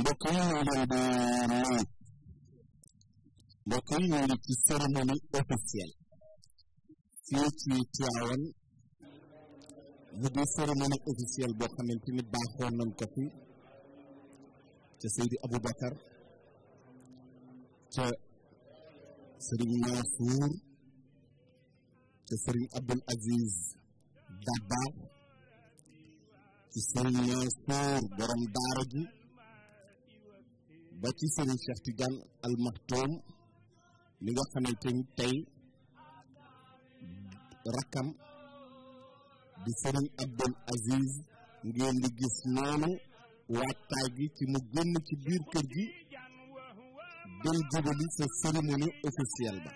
mbokk yi ñu ngi leen di nuyu mbokk ci cérémonie officielle fii ci Tiwaawan bu di cérémonie officielle boo xamante ni baaxoon nañ ko ca Seydi Aboubacar ca Sëriñ Mansour ca Sëriñ Abdul Aziz Dabba ci Sëriñ Mansour borom daara ba ci Serigne Cheikh Tidiane Al Maktoum li nga xamante ni tey rakkam di Serigne Abdul Aziz ngeen di gis noonu waajtaay gi ci mu génn ci biir kër gi dem jubali sa cérémonie officielle ba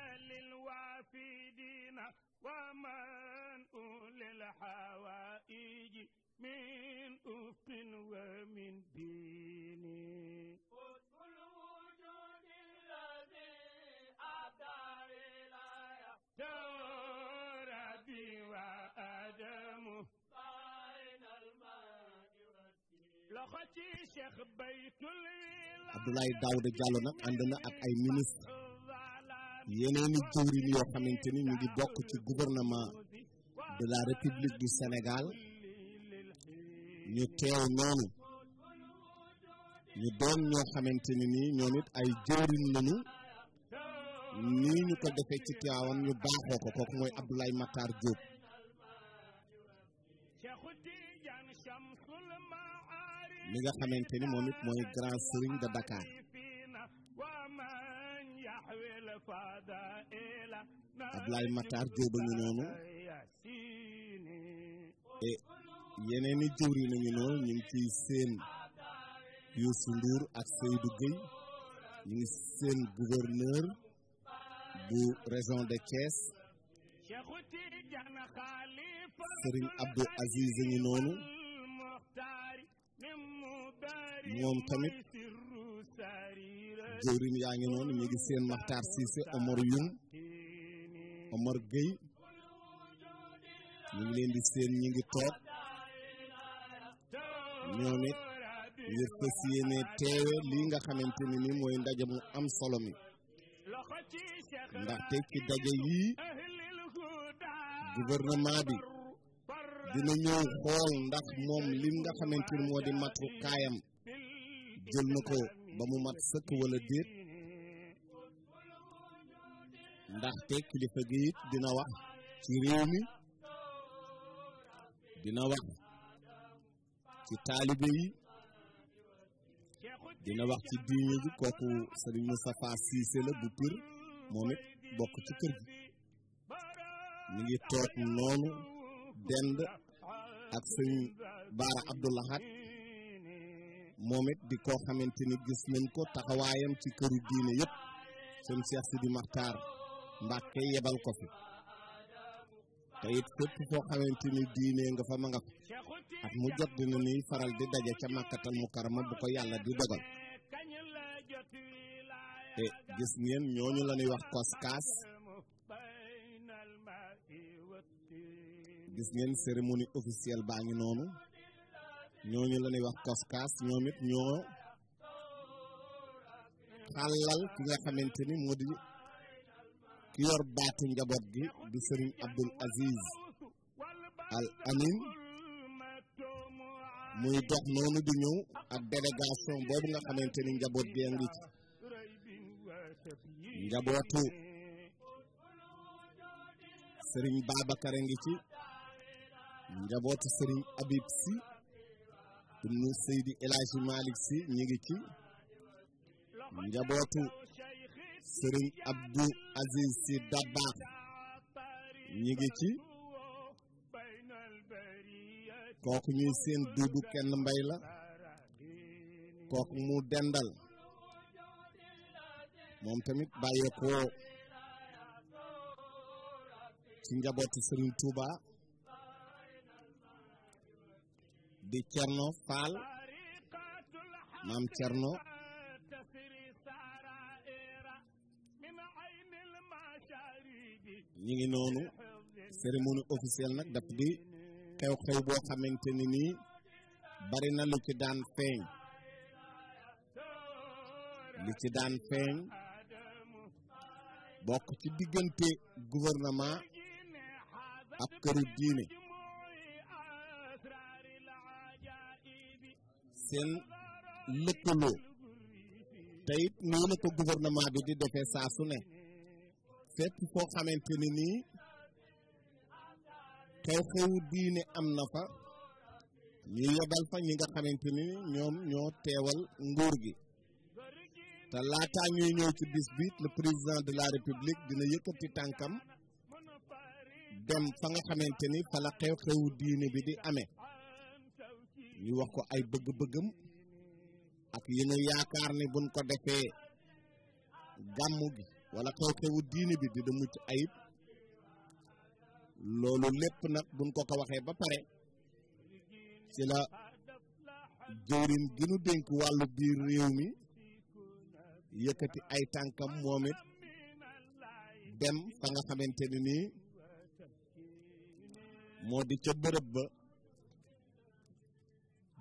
Abdoulaye Daouda Diallo na ànd na ak ay ministre yeneeni jëwriñ yoo xamante ni ñu ngi bokk ci gouvernement de la République du Sénégal ñu teew noonu ñu doon ñoo xamante ni nii ñoom it ay jëwriñ lañu nii ñu ko defee ci Tiwaawan ñu baaxoo ko kooku mooy Abdoulaye Matar mi nga xamante ni moom it mooy grand serigne de Dakar Ablaye Matar Diop a ngi noonu et yeneen i jur yi nañu noonu seen Youssou Ndour ak Seydou Gueye ñu seen gouverneur bu région de Thiès Serigne Abdou Aziz a ngi moom tamit jëwriñ yaa ngi noonu ñu seen Maxtaar Siise Omar Youm Omar Gueye ñu ngi seen ñu ngi toog ñoom it ngir fas yéene nga xamante ni nii mooy ndaje mu am solomi mi ndaxte ci daje yii gouvernement bi dina ñëw ndax moom lim nga xamante ni moo mat matu kaayam jël na ko ba mu mat sëkk wala déet ndaxte kilifa gi it dina wax ci réew mi dina wax ci taalibe yi dina wax ci diine ji kooku Serigne Moustapha Cissé la moom it bokk ci kër gi mu ngi noonu dend ak Serigne Baara Abdoulahat moom it di koo xamante ni gis nañ ko taxawaayam ci kër diine yëpp seen Seex Sidi Maxtaar Mbàkke yebal ko fi te it fépp foo xamante ni diine nga fa ma nga fa ak mu jot dina ni faral di daje ca màkkatal mu karama bu ko yàlla di dogal te gis ngeen ñooñu la ñuy wax koskaas gis ngeen cérémonie officielle baa ngi noonu ñooñu la ñuy wax kafkaas ñoom ñoo xàllal ki nga xamante ni moo di ki yor baatu njaboot gi di Serigne Abdul Aziz Al Amin muy dox noonu di ñëw ak délégation boobu nga xamante ni njaboot gi ngi ci njabootu Serigne Babacar a ngi ci njabootu Serigne Habib ibnu Seydi El Hadji Malick Sy ci njabootu Serigne Abdou Aziz Sy Dabakh ñu ngi ci kooku ñuy seen duudu kenn mbay la kooku mu dendal moom tamit bàyyeekoo ci njabootu Serigne tuuba di Cerno Faal maam Cerno ñu ngi noonu cérémonie officielle nag daf di xew-xew boo xamante ni nii bari na lu ci daan feeñ ci daan feeñ bokk ci diggante gouvernement ak këru seen lëkkaloo te it nii la bi di defee saa su ne fépp foo xamante ni nii xew-xewu diine am na fa ñu yebal fa ñi nga xamante ni ñoom ñoo teewal nguur gi te laataa ñuy ñëw ci bis bi le président de la république dina yëkkati tànkam dem fa nga xamante ni fa xew xew-xewu diine bi di amee ñu wax ko ay bëgg-bëggam ak yi nu yaakaar ne buñ ko defee gàmmu gi wala xew-xewu diine bi dina mucc ayib loolu lépp nag buñ ko ko waxee ba pare ci la jëwriñ gi nu dénk wàllu biir réew mi yëkkati ay tànkam moom it dem fa nga xamante moo di ca bërëb ba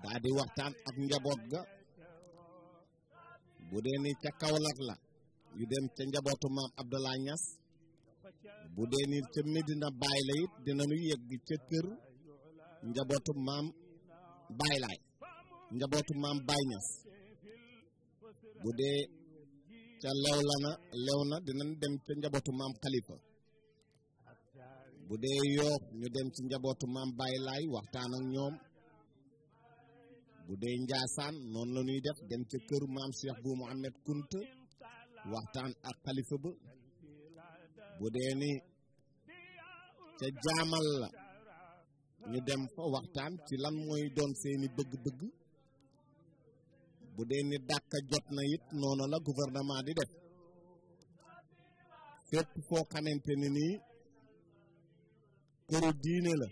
daa di waxtaan ab njaboot ga bu dee ni ca Kaolack la yu dem ca njabootu maam Abdallah Niass bu dee ni ca Medina Baye la it dinañu yegg ca kër njabootu maam Baye Laay njabootu maam Baye Niass bu dee ca Léona Léona dinañ dem ca njabootu maam Khalifa bu dee Yoff ñu dem ci njabootu maam Baye Laay waxtaan ñoom. bu dee njaasaan noonu la ñuy def dem ce kër maam Cheikh bu Mouhamed Kunta waxtaan ak xalifa ba bu dee ni ca jaamal la ñu dem fa waxtaan ci lan mooy doon seeni bëgg-bëgg bu dee ni dàkka jot na it la gouvernement di def fépp foo xamante ni nii këru diine la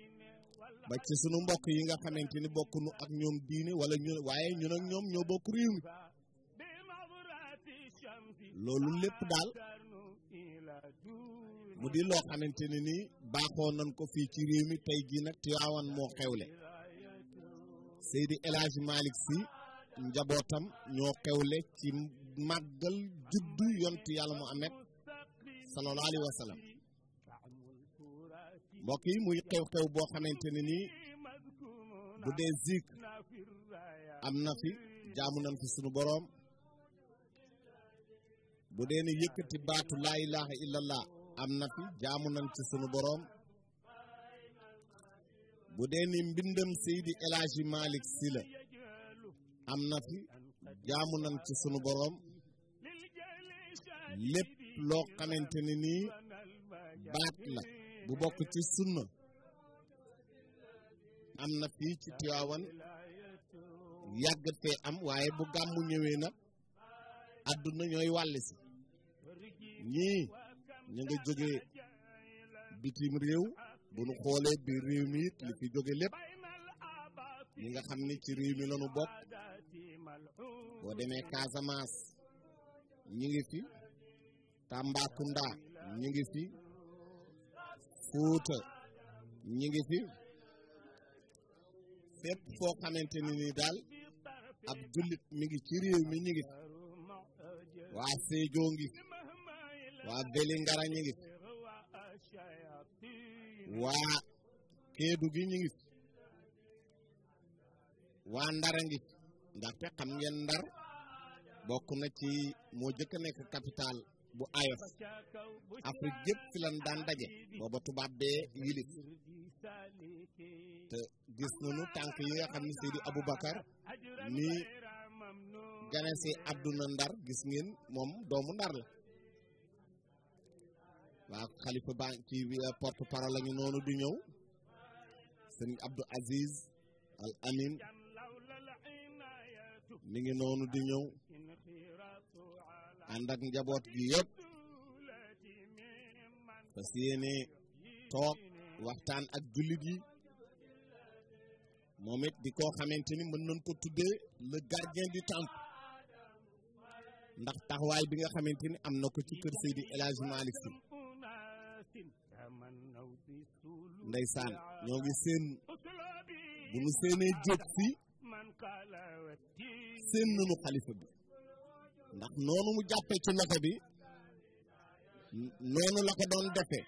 ba ci sunu mbokk yi nga xamante ni bokkunu ak ñoom diine wala ñu waaye ñun ñoom ñoo bokk réew loolu lépp daal mu di loo xamante ne ni baaxoo nañ ko fii ci réew mi tey jii nag Tiwaawan moo xewle Seydi El Hadj Malick njabootam ñoo xewle ci màggal juddu yontu yàlla Muhammad sallallahu alayhi wa mbokk yi muy xew-xew boo xamante ne nii bu dee zik am na fi jaamu nañ fi sunu boroom bu dee ni yëkkati baatu laa ilaha illallah am na fi jaamu nañ ci sunu boroom bu dee ni mbindam Seydi El Hadji sila am na fi jaamu nañ ci sunu boroom lépp loo xamante ne nii baat la bu bokk ci sunna am na fii ci Tiwaawan yàgg fee am waaye bu gàmmu ñëwee nag àdduna ñooy wàlli si ñii ñu nga jóge bitim réew bu nu xoole bi réew mi it li fi jóge lépp ñi nga xam ni ci réew mi lanu bokk boo demee Casamance ñi ngi fi Tambacounda ñi ngi Fuuta ñi ngi fi fépp foo xamante ni daal ab jullit mi ngi ci réew mi ñi ngi fi waa Sédhiou ngi fi waa Vélingara ñi ngi fi waa Ndara ngi fi ndaxte xam Ndar bokk na ci moo jëkk nekk capitale bu ayof Afrique yëpp fi daan daje booba tubaab bee yilif te gis nañu tànk yi nga xam ne abu Aboubacar ni ganesi àdduna ndar gis ngeen moom doomu ndar la waa xalifa baa ci euh, porte parole lañu noonu du ñëw sëñ Abdou Aziz Al Amin mi ngi noonu du ñëw ànd ak njaboot gi yëpp fas toog waxtaan ak jullit yi moom di koo xamante ni mën nañ ko tuddee le gardien du temple ndax taxawaay bi nga xamante ni am na ko ci kër Seydi El Hadji Malick seen bu ñu seenee seen nanu xalifa bi ndax noonu mu jàppee ci loxo bi noonu la ko doon defee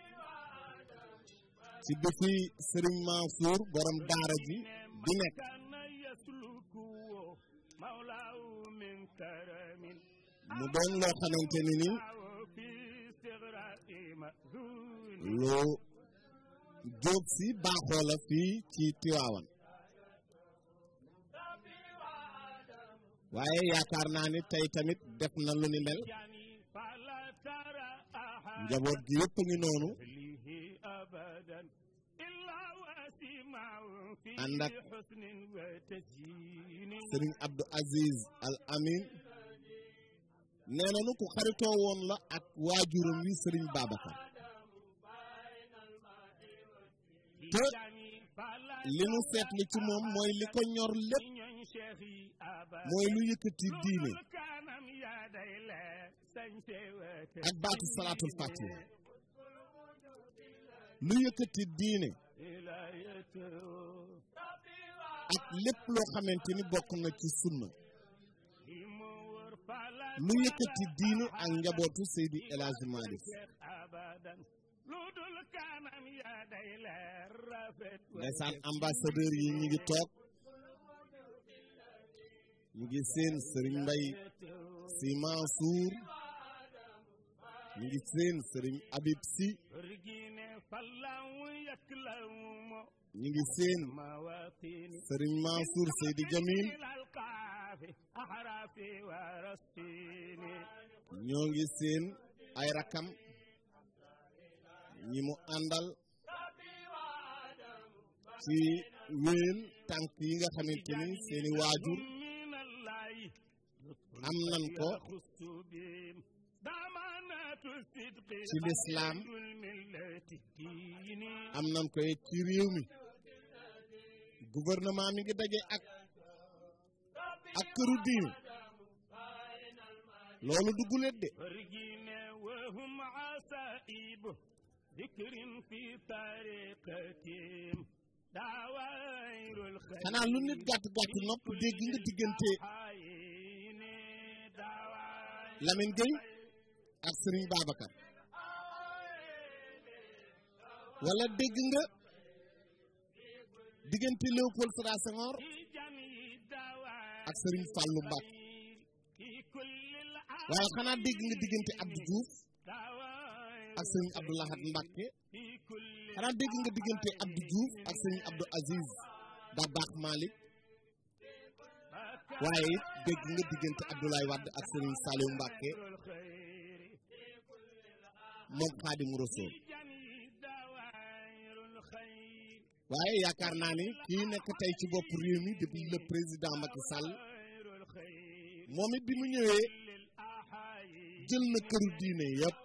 ci bési sëriñ Mansour borom daara ji di nekk mu doon loo xamante ni ni lu jóg si baaxoo la fii ci Tiwaawan waaye yaakaar naa ni tey tamit def na lu ni mel njaboot gi yëpp a ngi noonu ànd ak Serigne Abdou Aziz Al Amin nee ku xaritoo woon la ak waajuram wi Serigne Babacar te li nu seetlu ci moom mooy li ko ñor lépp mooy lu yëkkati diine ak baatu salaatul fatiha lu yëkkati diine ak lépp loo xamante ni bokk na ci sunna lu yëkkati diine ak njabootu Seydi El Hadji Malick ndeysaan yi ñu ngi ñu ngi seen sëriñ Mbay Si Mansour ñu ngi seen sëriñ Abib Si ñu ngi seen sëriñ Mansour Seydi Jamil ñoo ngi seen ay rakam ñi mu àndal ci wéen tànk yi nga xamante ni seeni waajur am nan ko ci lislaam am nan ko it ci réew mi mi ngi daje ak ak këru loolu du guléet de lu nit gàtt gàtt nopp dégg nga diggante Lamine Gueye ak Serigne Babacar wala dégg nga diggante Léopold Sédar Senghor ak Serigne Fallou Mbacké waaye xanaa dégg nga diggante Abdou Diouf ak Serigne Abdou Lahad Mbacké xanaa dégg nga diggante Abdou Diouf ak Serigne Abdou Aziz Dabakh Malick waaye dégg nga diggante Abdoulaye Wade ak Serigne Saliou Mbacké moom Xaadimu Rasuul waaye yaakaar naa ne kii nekk tey ci bopp réew mi depuis le président Macky Sall moom it bi mu ñëwee jël na këru diine yëpp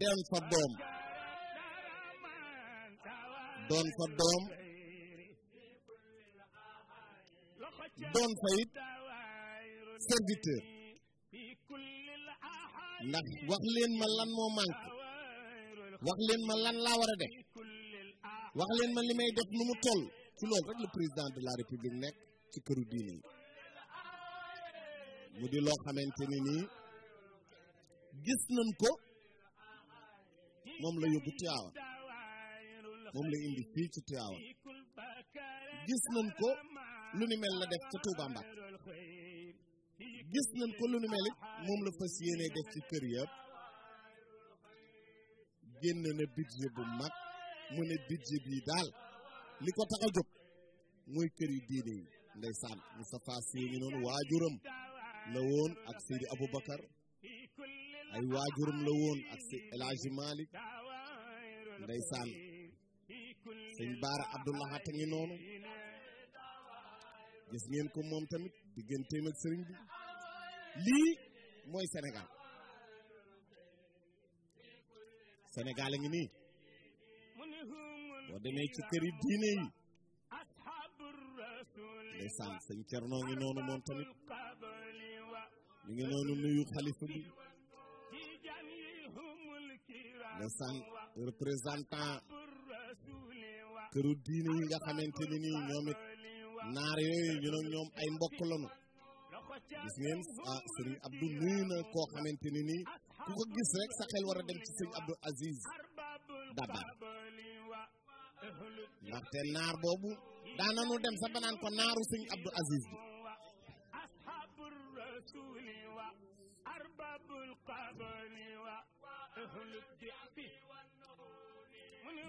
dem fa doom doon fa doom doon fa it ndax wax leen ma lan moo manque wax leen ma lan laa war a def wax leen ma li may def nu mu toll ci rek le président de la république nekk ci këru diine yi mu di loo xamante ni nii gis nañ ko moom la yóbbu Tiwaawan moom la indi fii gis nañ ko lu ni mel la def ca Touba Mbacke gis nañ ko lu ni mel moom la fas def ci kër yëpp génn na budget bu mag mu ne budget bii daal li ko tax a jóg mooy kër yu diine yi ndeysaan Moustapha Sy ngi noonu waajuram la woon ak Seydi Aboubacar ay waajuram la woon ak si El Hadj Malick ndeysaan sëñ Baara Abdou Lahat ngi noonu gis ngeen ko moom tamit digganteem ak sëriñ bi lii mooy senegal Sénégal a ngi nii boo demee ci këri diine yi ndeysaan sëñ Cernoo ngi noonu moom tamit ñu ngi noonu nuyu xalifa bi ndeysaan représentant këru diine nga xamante ni nii naar yooyu ñoom ay mbokk lañu gis ngeen ah sëriñ Abdou nuyu na koo xamante ni nii ku ko gis rek sa xel war a dem ci sëriñ Abdou Aziz Dabar ndaxte naar boobu daana nu dem sa ko naaru sëriñ Abdou Aziz bi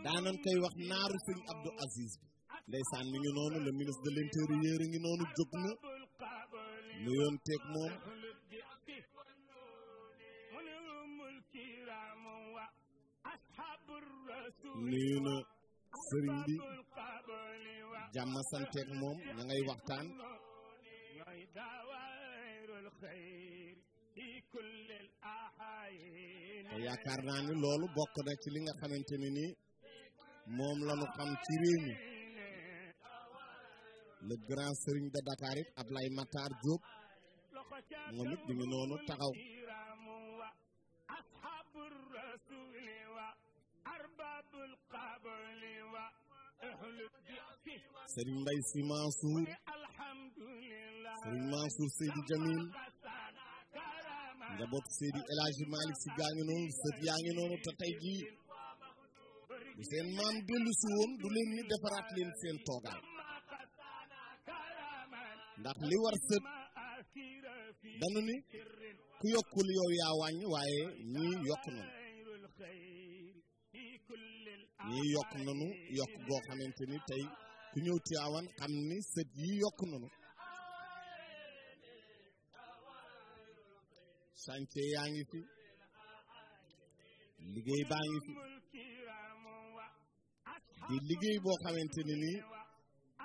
daanan wax naaru sëriñ Abdou Aziz ndeysaan mi ngi noonu le ministre de l'intérieur ngi noonu jóg na lu yoon teeg moom nuyu na sëriñ bi jàmm santeeg moom na ngay waxtaan te yaakaar naa ni loolu bokk na ci li nga xamante ne ni moom la ñu xam ci réew mi le grand sëriñ de Dakar it Ablaye Matar Diop moom it ngi noonu taxaw sëriñ Mbay Si Mansour sëriñ Mansour Seydi Jamil njaboot Seydi El Hadji Si gaa ngi noonu sët yaa ngi noonu te tey jii bu seen maam dellu si du leen defaraat leen seen toogaay ndax li war sët danu ni ku yokkul yow yaa wàññ waaye ñii yokk nanu ñii yokk nanu yokk goo xamante ni tey ku ñëw Tiwaawan xam ni sët yi yokk nanu sànce yaa ngi fi liggéey baa ngi fi di liggéey boo xamante ni nii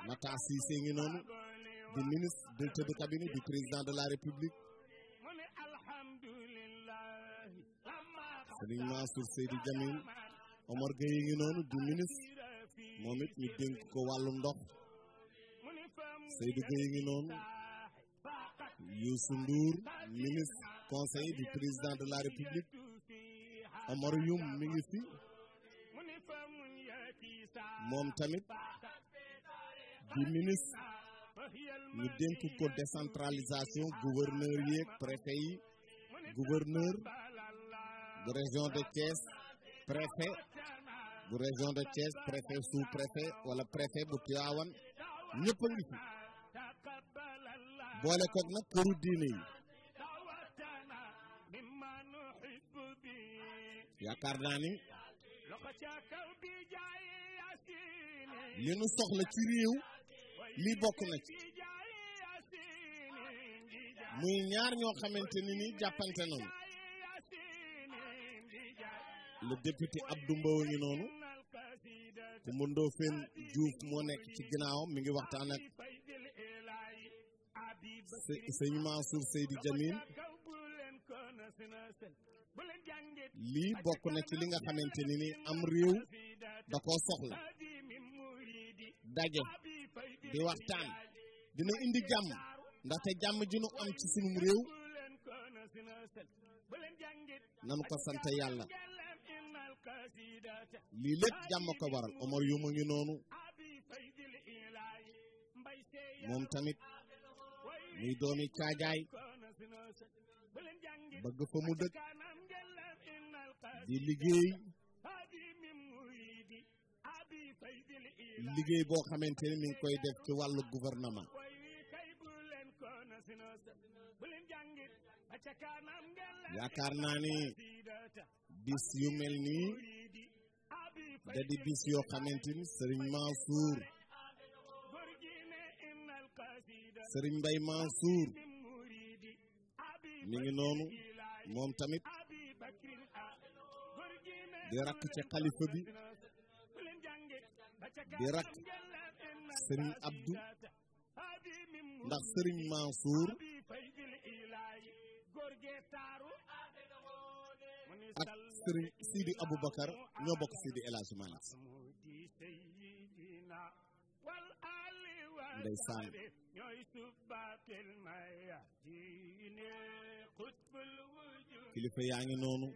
Mataa Siise ngi noonu du ministre du chef de cabinet président de la République Serigne Mansour Seydou Djamil Omar Gueye ngi noonu ministre moom it ko wàllum ndox Seydou Gueye ngi noonu Youssou ministre conseiller du président de la République Omar Youm mi ngi tamit du ministre ñu dénk ko décentralisation gouverneur yeeg préfet yi gouverneur bu région de Thiès préfet bu région de Thiès préfet sous préfet wala préfet bu Tivaouane ñëpp a ngi fi boole koog nag këru diine yi yaakaar naa ni li nu soxla ci li bokk na ci muy ñaar ñoo xamante ni ni jàppante nañu le député Abdou Mbow ngi noonu Coumba Ndoffène Diouf moo nekk ci ginnaawam mi ngi waxtaan ak sëñ Mansour Seydi Jamil lii bokk na ci li nga xamante ni ni am réew da koo soxla daje di waxtaan dina indi jàmm ndaxte jàmm jinu nu am ci sunum réew nanu ko sant yàlla lii lépp jàmm ko waral Omar yu noonu moom tamit mu doomi caajaay bëgg fa mu dëkk di liggéey liggéey boo xamante ni mi ngi koy def ci wàllu gouvernement yaakaar naa ni bis yu mel nii da di bis yoo xamante ni sëriñ Mansour sëriñ Mbay Mansour mi noonu moom tamit di rakk ci xalifa bi di rakk sëriñ Abdou ndax sëriñ Mansour ak sëriñ ñoo bokk Sidi El Hadj Malick kilifa yaa ngi noonu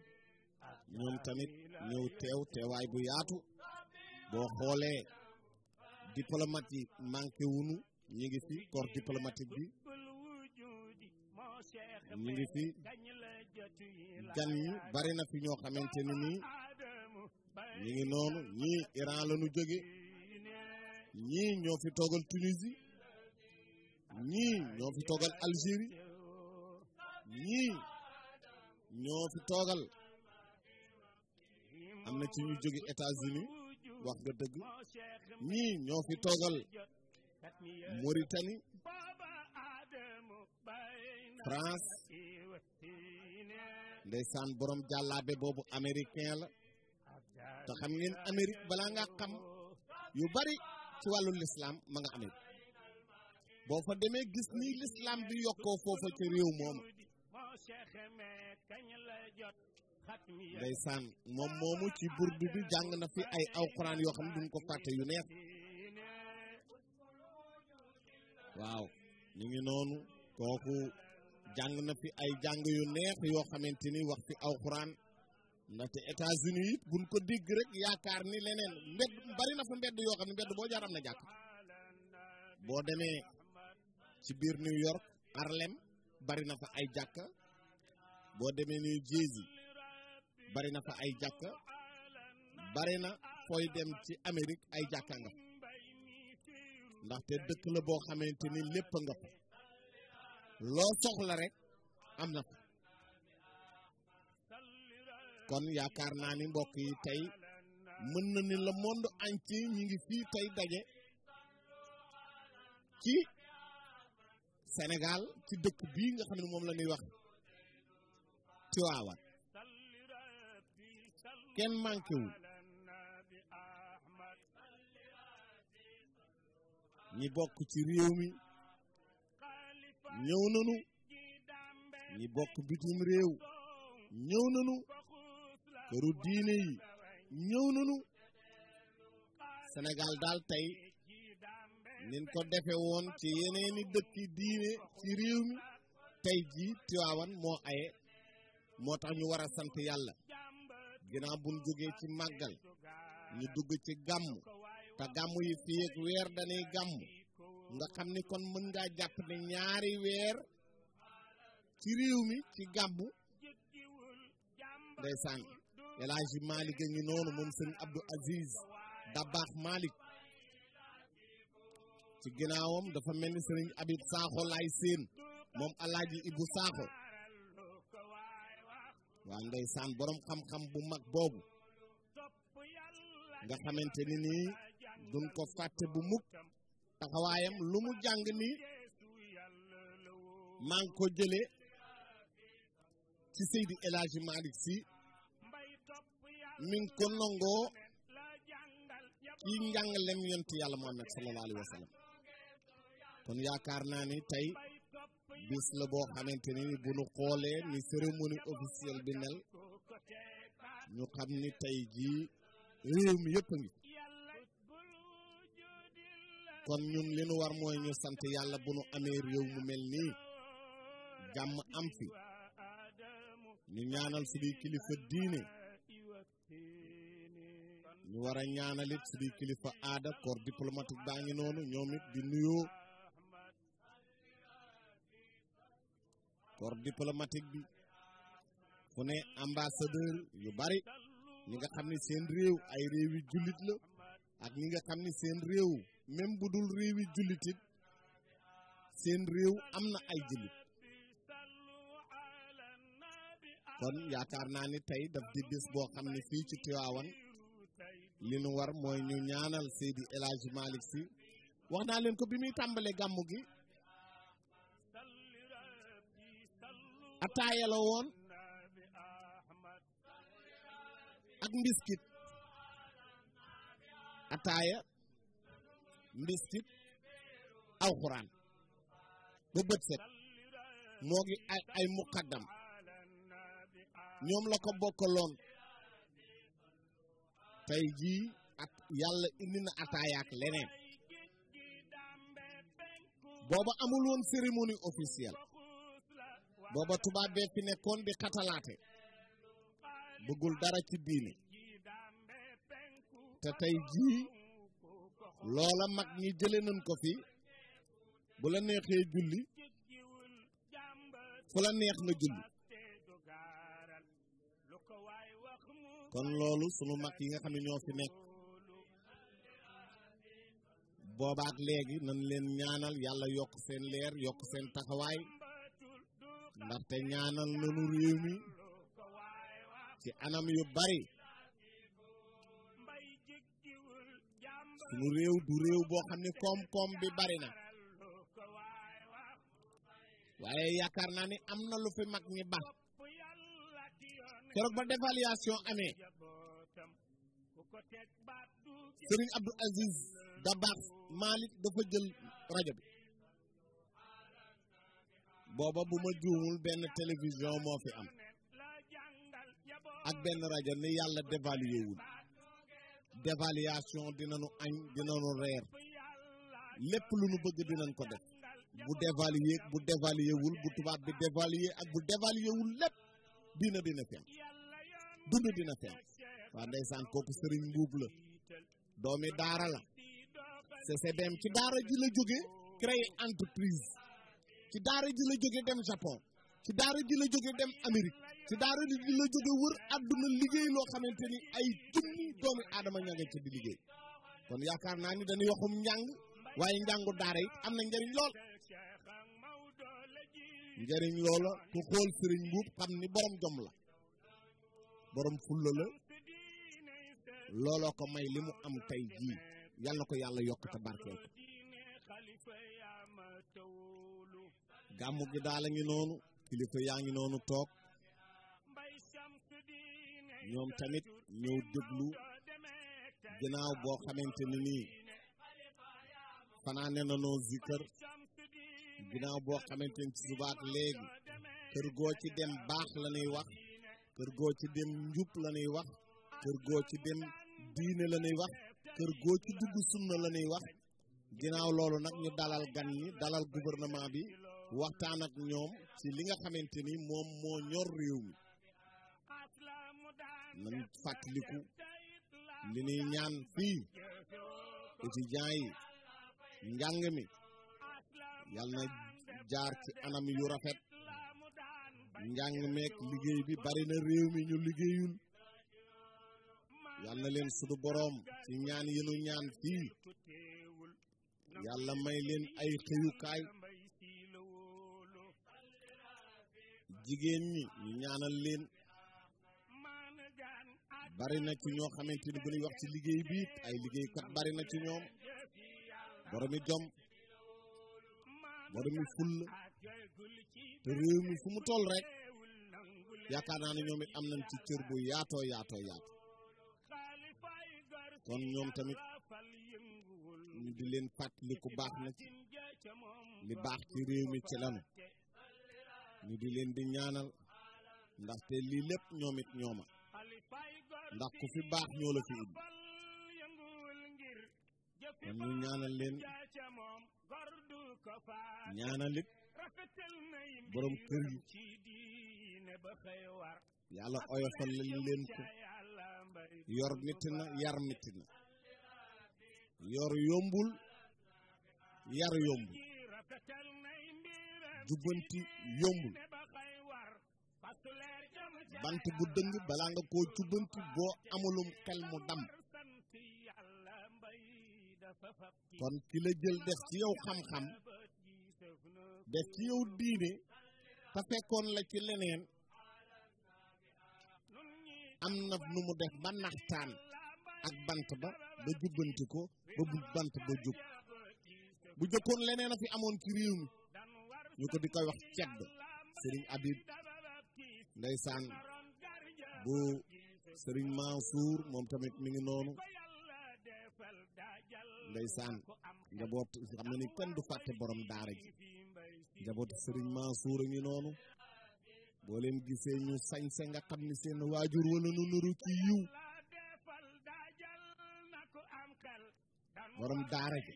ñoom tamit ñëw teew teewaay bu yaatu boo xoolee diplomate yi ñi ngi fi corps diplomatique bi ñi ngi bari na fi ñoo xamante ni nii ñi ngi noonu ñii Iran la ñu jóge ñii ñoofi fi toogal Tunisie ñii ñoo toogal Algérie ñii ñoo fi toogal am na ci ñu jóge États-Unis wax nga dëgg ñii ñoo fi Mauritanie France ndeysaan borom jàllaabe boobu américain la te xam ngeen Amérique balaa nga xam yu bari ci wàllu lislaam ma nga Amérique boo fa demee gis ni lislaam bi yokkoo foofa ci réew moomu ndeysaan moom moomu ci burdu bi jàng na fi ay alxuraan yoo xam duñ ko fàtte yu neex waaw ñu ngi noonu kooku jàng na fi ay jàng yu neex yoo xamante ni wax fi alxuraan ndaxte États-Unis it buñ ko dégg rek yaakaar ni leneen mbedd bari na fa mbedd yoo xam ne mbedd boo jaar am na jàkk boo demee ci biir New York Harlem bari na fa ay jàkka boo demee New Jersey bari na ay jàkka bari na fooy dem ci Amérique ay jàkka nga ndaxte dëkk la boo xamante ni lépp nga fa loo soxla rek am na fa kon yaakaar naa ni mbokk yi tey mën na ni le monde entier ñu ngi fii tey daje ci senegal ci dëkk bii nga xam ne moom la ñuy wax Tiwaawan kenn manqué wul ñi bokk ci réew mi ñëw nanu ñi bokk bitim réew ñëw nanu këru diine yi ñëw nanu senegal daal tey nin ko defe woon ci yeneeni dëkki diine ci mi tey jii Tiwaawan moo aye moo tax ñu war a sant yàlla ginnaaw buñ jógee ci màggal ñu dugg ci gàmm te gàmm yi fii ak weer dañuy gàmm nga xam ni kon mën ngaa jàpp ne ñaari weer ci réew mi ci gàmm ndeysaan El Hadji Malick a ngi noonu moom sëñ Abdou Aziz Dabakh Malick ci ginnaawam dafa mel ni sëriñ Abib Sakho laay seen moom alaaji Ibu Sakho waa ndeysaan borom xam-xam bu mag boobu nga xamante ni nii duñ ko bu mukk taxawaayam lu mu jàng ni maa ngi ko jële ci Seydi El Hadji Malick Sy mi ko nangoo ci njàngalem yonent yàlla Muhammad sallallahu alayhi kon yaakaar naa ni tey bis la boo xamante ni bu nu xoolee ni cérémonie officielle bi mel ñu xam ni tey jii réew mi yëpp ngi kon ñun li nu war mooy ñu sant yàlla bu nu amee réew mu mel nii jàmm am fi ñu ñaanal kilifa diine ñu war a ñaanal it suñuy kilifa aada corps diplomatique baa ngi noonu ñoom di nuyoo corps diplomatique bi fu ne ambassadeur yu bari ñi nga xam ni seen réew ay réew yu jullit la ñi nga xam ni seen réew même budul dul réewi seen réew am na ay jullit kon yaakaar naa ni tey daf di bis boo xam ne fii ci Tiwaawan war mooy ñu ñaanal Seydi El Hadji Malick Sy wax naa leen ko bi muy tàmbalee gàmmu gi ataaya la woon ak mbiskit ataaya mbiskit alxuraan ba bët set moo ngi ay ay muqaddam ñoom la ko bokkaloon tey jii at yàlla indi na ataayaak leneen booba amul woon cérémonie officielle booba tubaab bee fi nekkoon di xatalaate bëggul dara ci biini te tey jii loola mag ñi jële nañ ko fi bula la neexee julli fu la neex nga julli kon loolu sunu mag yi nga xam ne ñoo fi nekk boobaak léegi nañ leen ñaanal yàlla yokk seen leer yokk seen taxawaay ndaxte ñaanal nanu réew mi ci anam yu bari suñu réew du réew boo xam ni koom-koom bi bari na waaye yaakaar naa ni am na lu fi mag ñi baax keroog ba dévaluation amee Serigne Abdou Aziz Dabakh Malick dafa jël rajo bi booba bu ma juumul benn télévision moo fi am ak benn rajo ni yàlla dévalué wul dévaluation dinañu añ dinañu reer lépp lu ñu bëgg dinañ ko def bu dévalué bu dévalué wul bu tubaab bi dévalué ak bu dévalué wul lépp diina dina feeñ dund dina feeñ waa ndeysaan kooku sëriñ mbuub la doomi daara ci daara ji la jóge créer entreprise ci daara ji la jóge dem Japon si daara dina jóge dem Amérique ci daara dina jóge wër àdduna liggéey loo xamante ni ay junni doomi aadama ña nga liggéey kon yaakaar naa ni dañuy waxum njàng waaye njàngu daara it am na njëriñ lool njëriñ loola ku xool buub xam ni borom jom la borom fulla la looloo ko may limu mu am tey jii yal ko yàlla yokk te barkeel gi daal a kilifa yaa ngi noonu toog ñoom tamit ñëw déglu ginnaaw boo xamante ni nii fanaane nanoo zikkër ginnaaw boo xamante ni ci subaat léegi kër goo ci dem baax la ñuy wax kër goo ci dem njub la ñuy wax kër goo ci dem diine la ñuy wax kër goo ci dugg sunna la ñuy wax ginaaw loolu nag ñu dalal gan ñi dalal gouvernement bi waxtaan ak ñoom ci li nga xamante ni moom moo ñor réew mi nañ fàttaliku li ñuy ñaan fi étudiants yi njàng mi yàlla jaar ci anam yu rafet njàng meek liggéey bi bari na réew mi ñu liggéeyul yàlla na leen sudu borom ci ñaan yenu ñaan fii yàlla may leen ay xëyukaay jigéen ñi ñaanal leen bari na ci ñoo xamante ni bu wax ci liggéey bi ay liggéeykat bari na ci ñoom boromi jom boromi full te réew mi fu mu toll rek yaakaar naa ne ñoom it am nañ ci cër bu yaatoo yaatoo yaatoo kon ñoom tamit ñu di leen fàttali ku baax na ci li baax ci réew mi ci lanu ñu di leen di ñaanal ndaxte lii lépp ñoom it ñooma ndax ku fi baax ñoo fi indi ñu ñaanal leen ñaanal it borom kër yi yàlla oyofal leen ko yor mitti na yar mitti na yor yombul yar yombul jubbanti yombul bant bu dëng balaa nga koo jubbanti boo amulum xel dam kon ki la jël def ci yow xam-xam def ci yow diine te fekkoon la ci leneen am na numu mu def ba naxtaan ak bant ba ba jubbanti ko ba bu bant ba jub bu jëkkoon leneen a fi amoon ci ñu ko di koy wax cedd sëriñ Habib ndeysaan bu sëriñ Mansour moom tamit mi ngi noonu ndeysaan njaboot xam na ni kenn du fàtte borom daara ji njaboot sëriñ Mansour a ngi noonu boo leen gisee ñu sañse nga xam ni seen waajur wala nu nuru yiw borom daara ji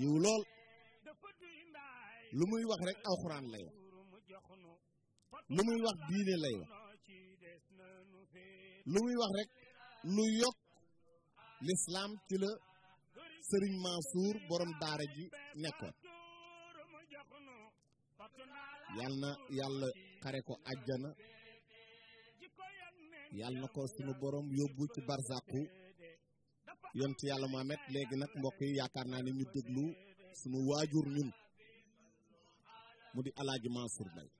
yiw lool lu muy wax rek alxuraan lay wax lu muy wax diine lay wax lu muy wax rek lu yokk lislaam ci la sëriñ Mansour borom daara ji nekkoon yal na yàlla xare ko àjjana yal na ko sunu borom yóbbu ci barzàqu yont yàlla Mohamed léegi nag mbokk yi yaakaar naa ne ñu déglu sunu waajur ñun mu di alaaji Mansour Mbaye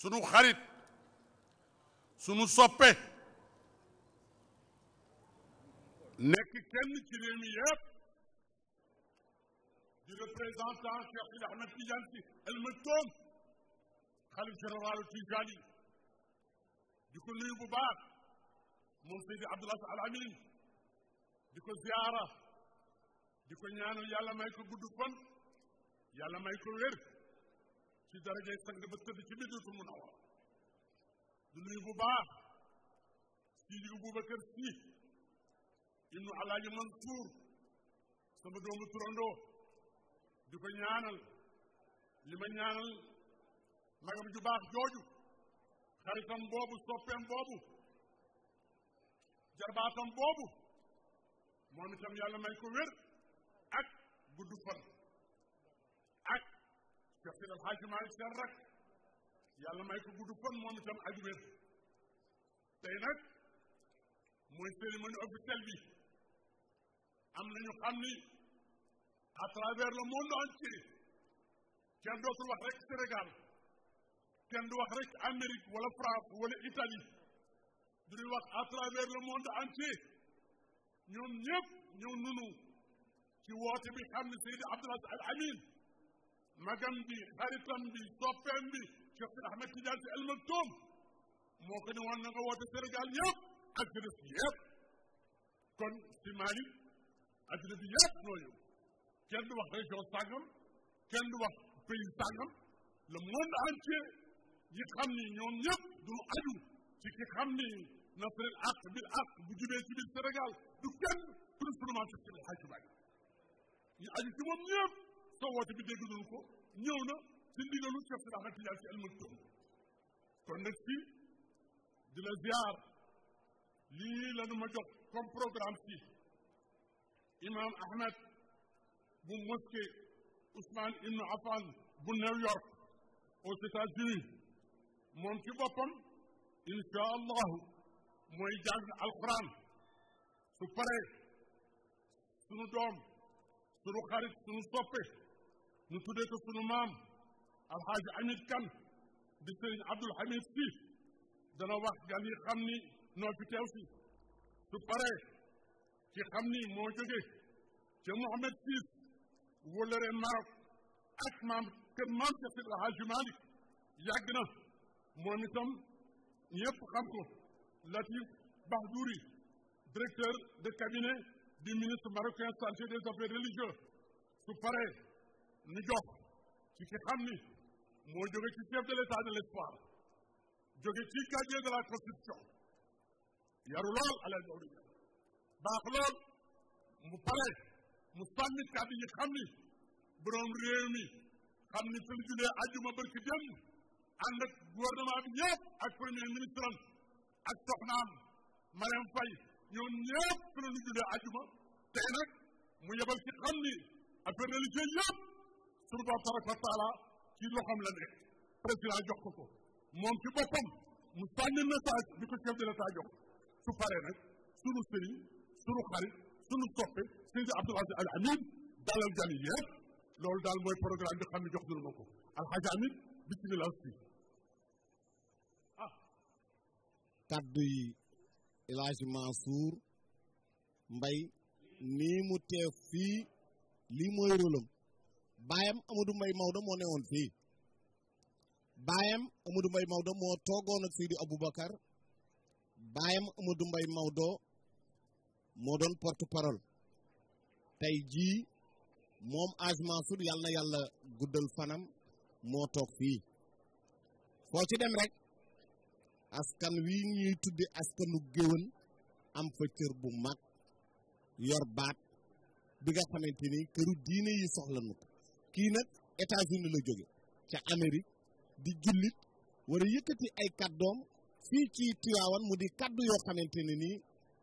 sunu xarit sunu soppe nekk kenn ci réew mi yëpp di représentant Cheikh Ahmed Tidiane Sy Al Maktoum xalif généralu Tijaani di ko nuyu bu baax moom Seydi Abdoulaye Al Amin di ko ziyaara di ko ñaanal yàlla may ko gudd kon yàlla may ko wér ci darajay sang ba tëdd ci biir su mun a du nuyu bu baax Sidi Aboubacar Si ibnu Alaaji Mansuur sama doomu turandoo di ko ñaanal li ma ñaanal magam ju baax jooju xaritam boobu soppeem boobu jarbaatam boobu moom itam yàlla may ko wér ak gudd fan Cheikh Seydi El Hadji Malick seen rek yàlla may ko gudd fan moom itam ak wér tey nag mooy cérémonie officielle bi am na ñu xam ni à travers le monde entier kenn dootul wax rek Sénégal kenn du wax rek Amérique wala France wala Italie duñu wax à travers le monde entier ñoom ñëpp ñëw nunu ci woote bi xam ne Seydi Abdoul Aziz Al Amine magam bi xaritam bi soppeem bi Cheikh Ahmed Tidiane Sy Al Maktoum moo ko ne woon na nga woote Sénégal yëpp addina bi yëpp kon si Malick addina bi yëpp ñoo kenn du wax région sàngam kenn du wax pays sàngam le monde entier yi xam ni ñoom du aju ci ki xam ni ak bil ak bu jubee ci biir du kenn ku ne seulement ci Seydi aju ci moom ñëpp. te woote bi ko ñëw na ci ndigalu Cheikh Sidi Ahmed kon nag fii di ziar lii la ma jox comme imam Ahmed bu mosquée Ousmane Ibn Affan bu New York aux États-Unis ci boppam incha allahu mooy jàng alquran su paree sunu doom sunu xarit sunu soppe nu tuddee ko sunu maam alxaaji amit kan di sëriñ abdul hamid si dana wax gan yi xam ni noo fi teew si su paree ci xam ni moo jóge ca mohamed siis wólëre maak ak maam kër maam ca si alxaaji malik yàgg moom itam ñëpp xam ko latif bahdouri directeur de cabinet du ministre marocain chargé des affaires religieuses su paree ñu jox ci ki xam ni moo jóge ci chef de l'état de l'espoir jóge ci casier de la constitution yaru lool alal jaww ji baax lool mu pare mu sànni kàddu yi xam ni borom réew mi xam ni fi mu julee àjjuma barki dem ak gouvernement bi ñëpp ak ak soxnaam Mariam Faye ñoom ñëpp fi mu julee àjjuma tey nag mu yebal ci xam ni affaire religieuse yëpp. suñu borom tabaraka wa taala ci loxoom la nekk président jox ko ko moom ci boppam mu sànni message bi ko chef de l'état jox su paree nag sunu sëriñ sunu xarit sunu soppe Seydi Abdoul Aziz Al Amin dalal gan yi yëpp daal mooy programme bi xam ne jox dunu ma ko alxaaji Amin bismillah si ah kaddu yi El Hadj Mansour Mbaye mu teew fii lii mooy rôlam baayam Amadou Mbaye Maodo moo newoon fii baayam Amadou Mbaye Maodo moo toogoon ak Seydi Aboubacar baayam Amadou Mbaye Maodo moo doon tey jii moom Hadj Mansour yàlla na yàlla guddal fanam moo toog fii foo ci dem rek askan wi ñuy tuddi askanu géwël am fa cër bu mag yor baat bi nga xamante ni yi soxla nu kii nag États-Unis la jóge ca Amérique di jullit war yëkkati ay kaddoom fii ci Tiwaawan mu di kàddu yoo xamante ne nii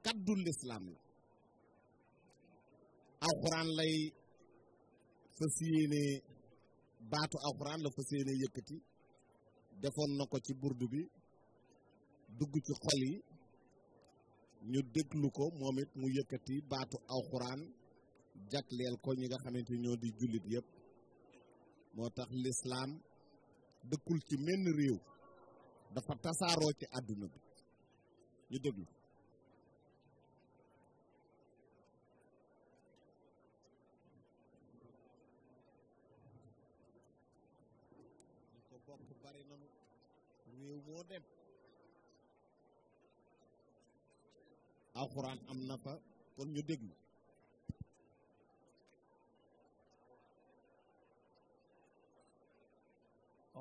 kàddu lislaam la alxuraan lay fas yéene baatu alxuraan la fas yéene yëkkati defoon na ko ci burdu bi dugg ci xol ñu déglu ko moom it mu yëkkati baatu alxuraan jagleel ko ñi nga xamante ñoo di jullit yëpp moo tax lislaam dëkkul ci menn réew dafa tasaaroo ci àdduna bi ñu déglu ñu ko bokk bari nanu réew moo dem alxuraan am na fa kon ñu déglu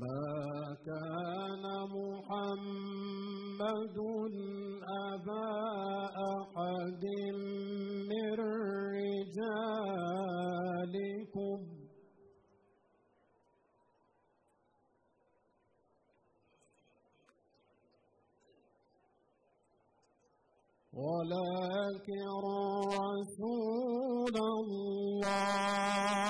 ما كان محمد أبا أحد من رجالكم ولكن رسول الله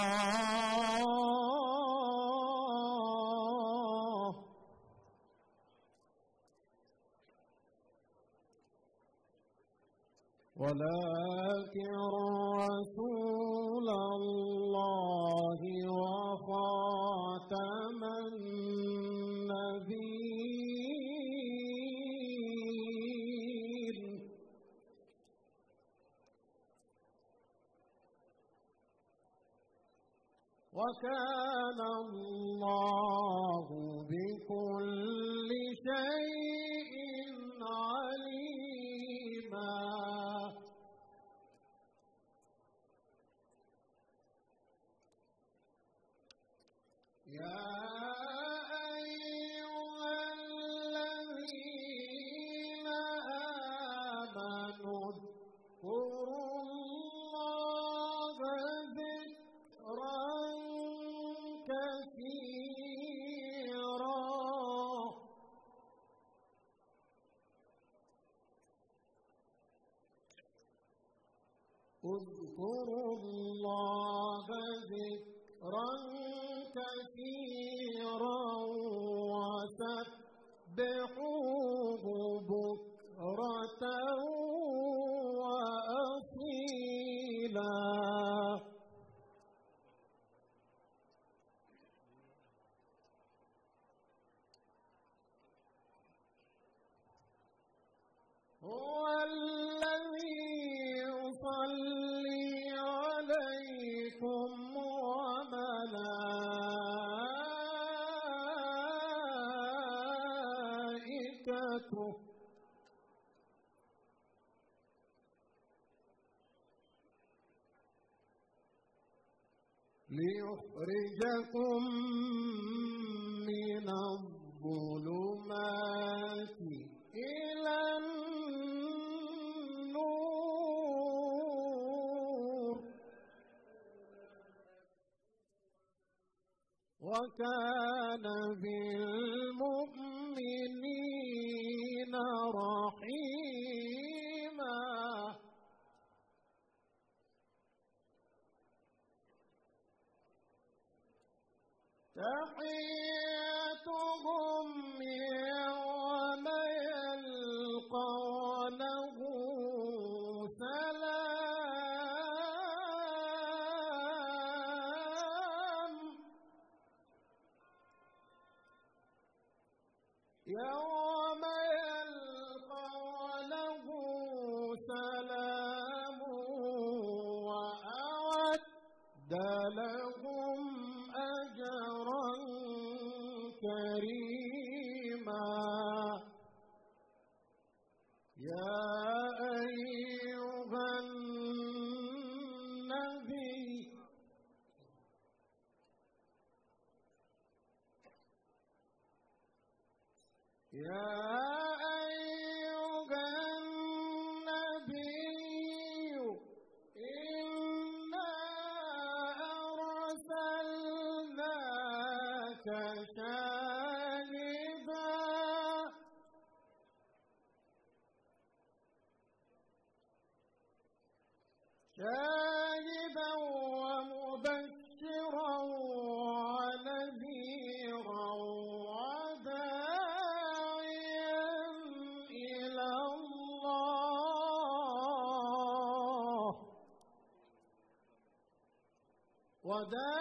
ولكن رسول الله وخاتم النبيين وكان الله بكل شيء عليم daala Radha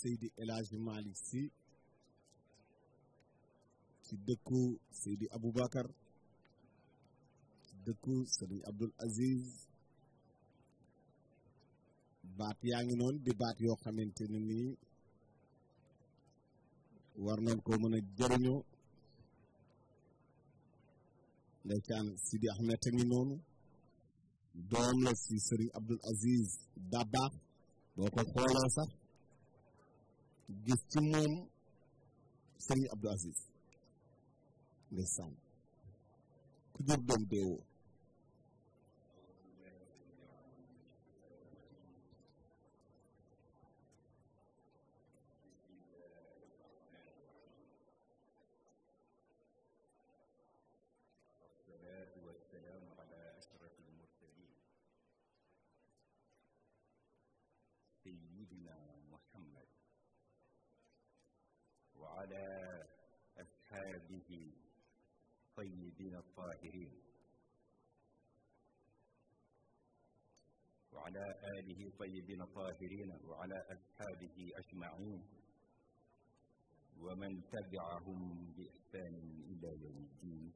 Seydi El Hadji Malick Sy ci dëkku Seydi Aboubacar ci dëkku Abdul Aziz baat yaa ngi noonu di baat yoo xamante ne nii war nañ ko mën a jëriñoo ndeysaan Sidi Ahmed a ngi doom la si Sëriñ Abdul Aziz Dabakh boo ko xoolee gis ci moom Serigne Abdou Aziz ndeysaan ku jur doom deewoo وعلى أصحابه الطيبين الطاهرين وعلى آله الطيبين الطاهرين وعلى أصحابه أجمعين ومن تبعهم بإحسان إلى يوم الدين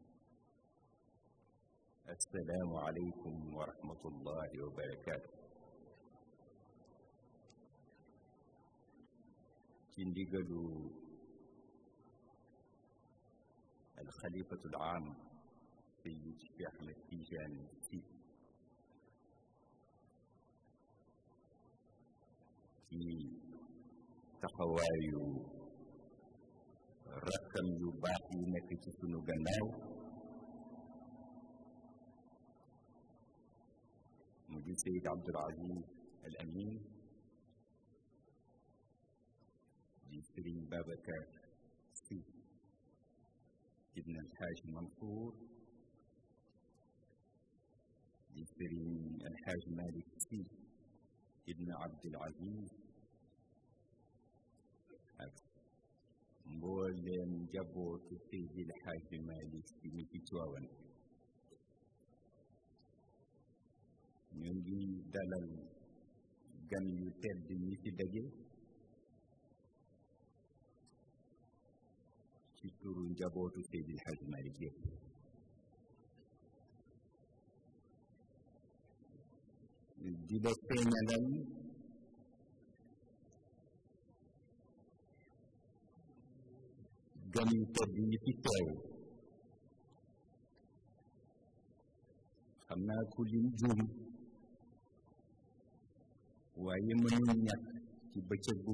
السلام عليكم ورحمة الله وبركاته ci ndigalu الخليفة العام سيد الشيخ أحمد تيجاني ci taxawaayu rakkam yu baax yu nekk ci sunu gannaaw mu di Seyid Abdul Aziz Al Amin di Sëriñ Babacar ibn alxaaji Mansour di sëriñ alxaaji Malick Sy ibn Abdul Aziz ak mbooleem njabootu Seydi alxaaji Malick Sy mi ci Tiwaawan ñu ngi dalal gan yu tedd ñi ci daje ci turu njabootu Seydi El Hadji di la feeñalal gan yu tedd yi fi teew xam naa ku lim juum waaye mënul ñàkk ci bëccëg bu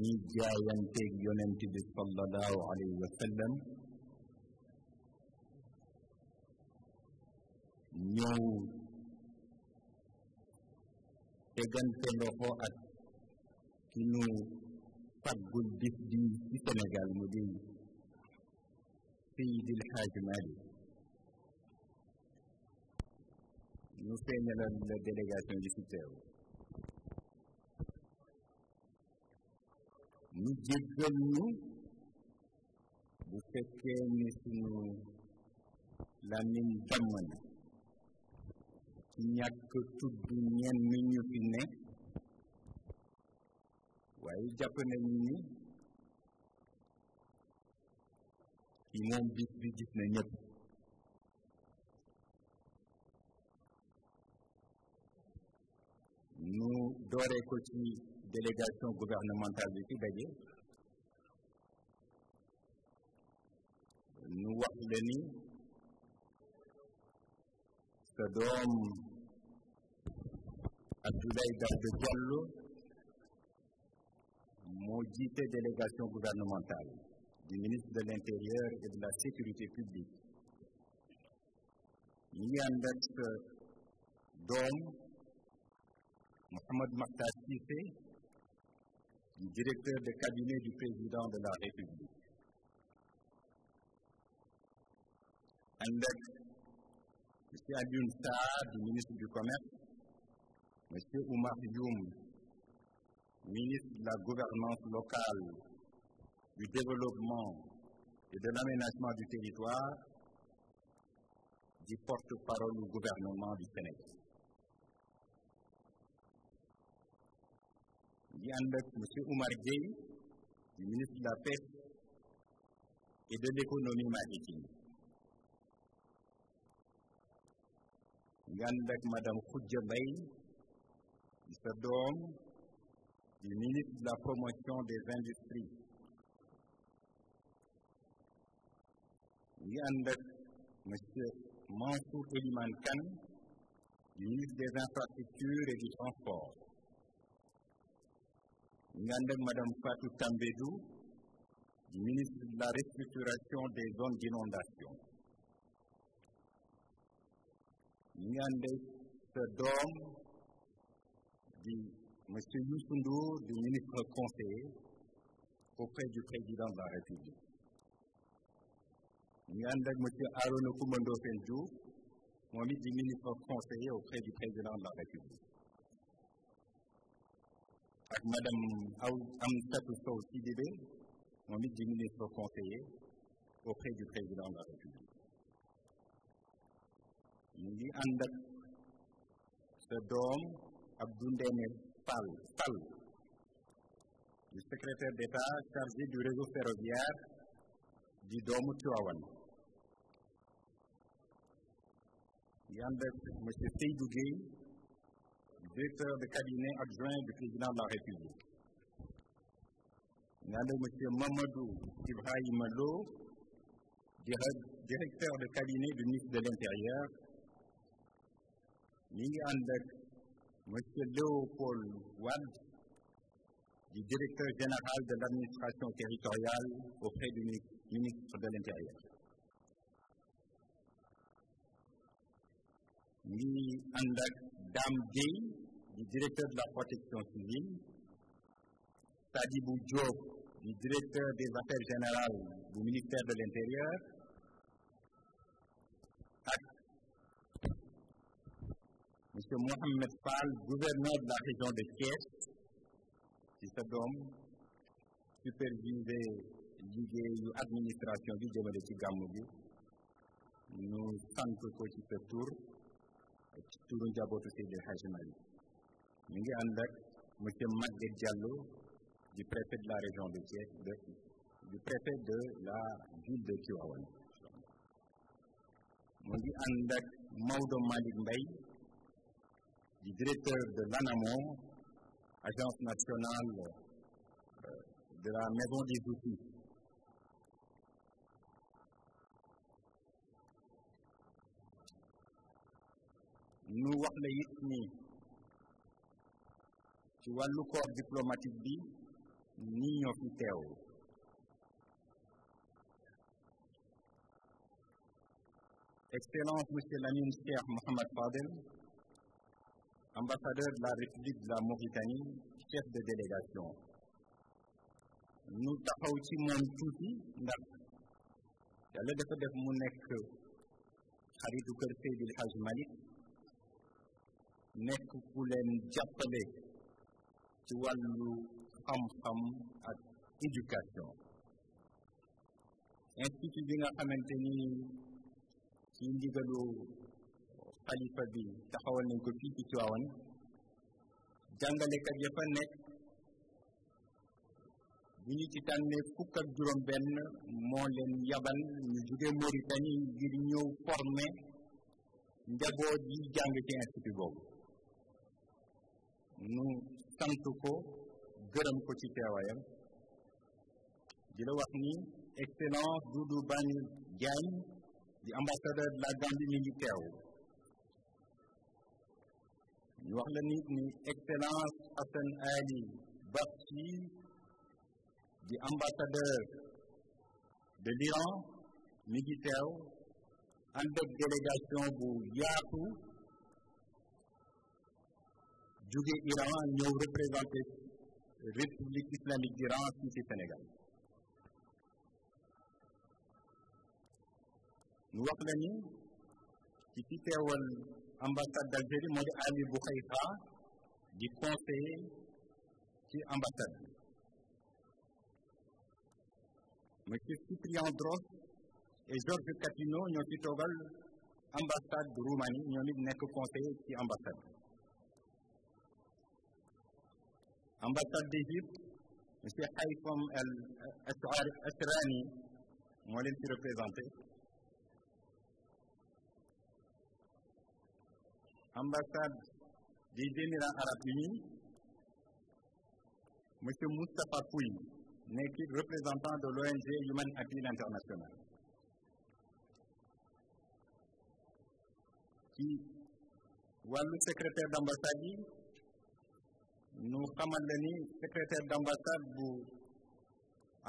ñi jaayanteeg yonent bi sallallahu alayhi wa sallam ñëw tegante loxo ak ki nu faggul bis bi ci Sénégal mu di Seydil Hadji Malick ñu feeñalal la délégation mu jéggal ñu bu fekkee ni suñu làmmiñ damm na ci ñàkk tudd ñenn ñu fi ne waaye jàpp ni ci moom bi gis na ñëpp ñu dooree ko ci délégation gouvernementale bi ci daje nu wax la ni sa doom Abdoulaye Daouda Diallo moo jiite délégation gouvernementale du ministre de l'intérieur et de la sécurité publique ñu ngi ànd doom Mouhamed Makhtar Cissé du directeur de cabinet du président de la République ànd ak monsieur Alioune Sarr du ministre du commerce monsieur Oumar ministre de la gouvernance locale du développement et de l'aménagement du territoire du porte-parole du gouvernement du Sénégal di ànd ak monsieur Oumar Gueye du ministre de la pêche et de l'économie maritime di ànd madame Khoudia Mbaye di sa doom du ministre de la promotion des industries di ànd monsieur Mansour Elimane Kane du ministre des infrastructures et du transport ñu ànd ak madame Fatou Tambédou ministre de la restructuration des zones d'inondation ñu ànd ak sa doom di monsieur Youssou di ministre conseiller auprès du président de la République ñu ànd ak monsieur Arona Coumba Ndoffène Diouf di ministre conseiller auprès du président de la République ak madame aw Amsatou Sow Sidibé moom it di ministre conseiller auprès du président la République ñu ngi ànd ak sa doom Abdou Ndéné Fall Fall du secrétaire d'État chargé du réseau ferroviaire di doomu Tivaouane ngi ànd ak monsieur Seydou Guèye directeur de cabinet adjoint du président de la République. monsieur Mamadou Ibrahima Lo directeur de cabinet du ministre de l'Intérieur. ñu ngi ànd monsieur Léopold Wade du directeur général de l'administration territoriale auprès du ministre de l'Intérieur. ñu ngi ànd ak Dame du directeur de la protection civile Sadibou Diop du directeur des affaires générales du ministère de l'intérieur ak monsieur gouverneur de la région de Thiès ci sa doom superviser liggéeyu administration bi jëmale ci gàmmu bi ñu sant ko ci sa tur ci turu njabootu Seydi Hadji Malick ñu ngi ànd ak monsieur Maguette du préfet de la région de Thiès du préfet de la ville de Tivaouane mu ngi ànd ak Maodo Malick du directeur de l'ANAMO agence nationale euh, de la maison des outils ñu wax la it ni ci wàllu corps diplomatique bi ni ñoo fi teew Excellence Monsieur Lamine Cheikh Mohamed Fadel ambassadeur de la République de la Mauritanie chef de délégation ñu taxaw ci moom tuuti ndax yàlla dafa def mu nekk xaritu kër Seydil Hadj Malick nekk ku leen jàppale ci wàllu xam-xam ak éducation institut bi nga xamante ni ci ndigalu xalifa bi taxawal nañ ko fii ci Tiwaawan jàngalekat ya fa nekk bu ñu ci tànnee fukk ak juróom benn moo leen yabal ñu jóge Mauritanie ngir ñëw former njaboot yi jàng ci institut boobu nu sant ko gërëm ko ci teewaayam di ni excellence Doudou Bane Diagne di ambassadeur de la Gambie mi ngi teew ñu wax la nit ni excellence Hassan Ali Bakshi di ambassadeur de l'Iran mi ngi teew ànd ak délégation bu yaatu jóge Iran ñëw représenté république islamique d'Iran fii Sénégal ñu wax la ni ci ci teewal ambassade d'Algérie moo di Ali Boukhayfa di conseiller ci ambassade bi monsieur Cyprien Dross et Georges Catino ñoo ci toogal ambassade bu Roumanie ñoom nekk conseiller ci ambassade ambassade d'Égypte monsieur Haytham Al Asrani moo leen ci représenté ambassade des Émirats arabes unis monsieur Moustapha Pouy nekk représentant de l'ONG Human Appeal International ci wàllu secrétaire d'ambassade ñu xamal la ni d'ambassade bu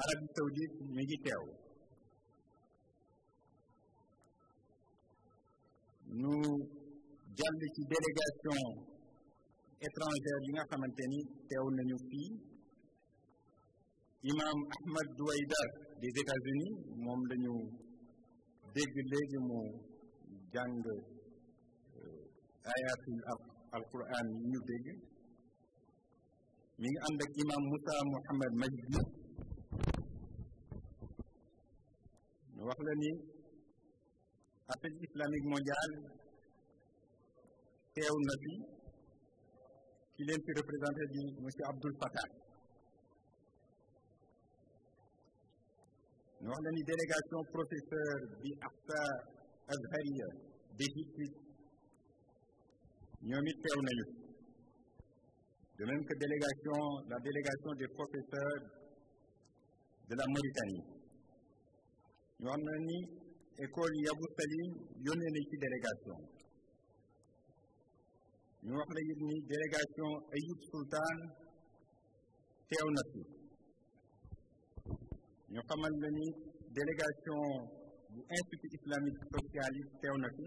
Arabie Saoudite mi ngi teew ñu jàll ci délégation étrangère yi nga xamante ni teew nañu fii imam Ahmad Douaidar des États-Unis moom lañu dégg léegi mu jàng euh, ayatul alquran yi ñu dégg mi ngi ànd ak imam Moussa Mouhamed Majdi ñu wax la ni appel islamique mondial teew na fi ki leen fi représenté di monsieur Abdoul Fattah ñu wax la ni délégation professeur bi Afsa Azharia d'Égypte ñoom teew nañu de même que délégation, la délégation des professeurs de la Mauritanie ñoo xam ne ni école Yabou Salim yónnee na ci délégation ñu wax la it délégation Ayib Sultan teew na fi ñu xamal la délégation bu institut islamique socialiste teew na fi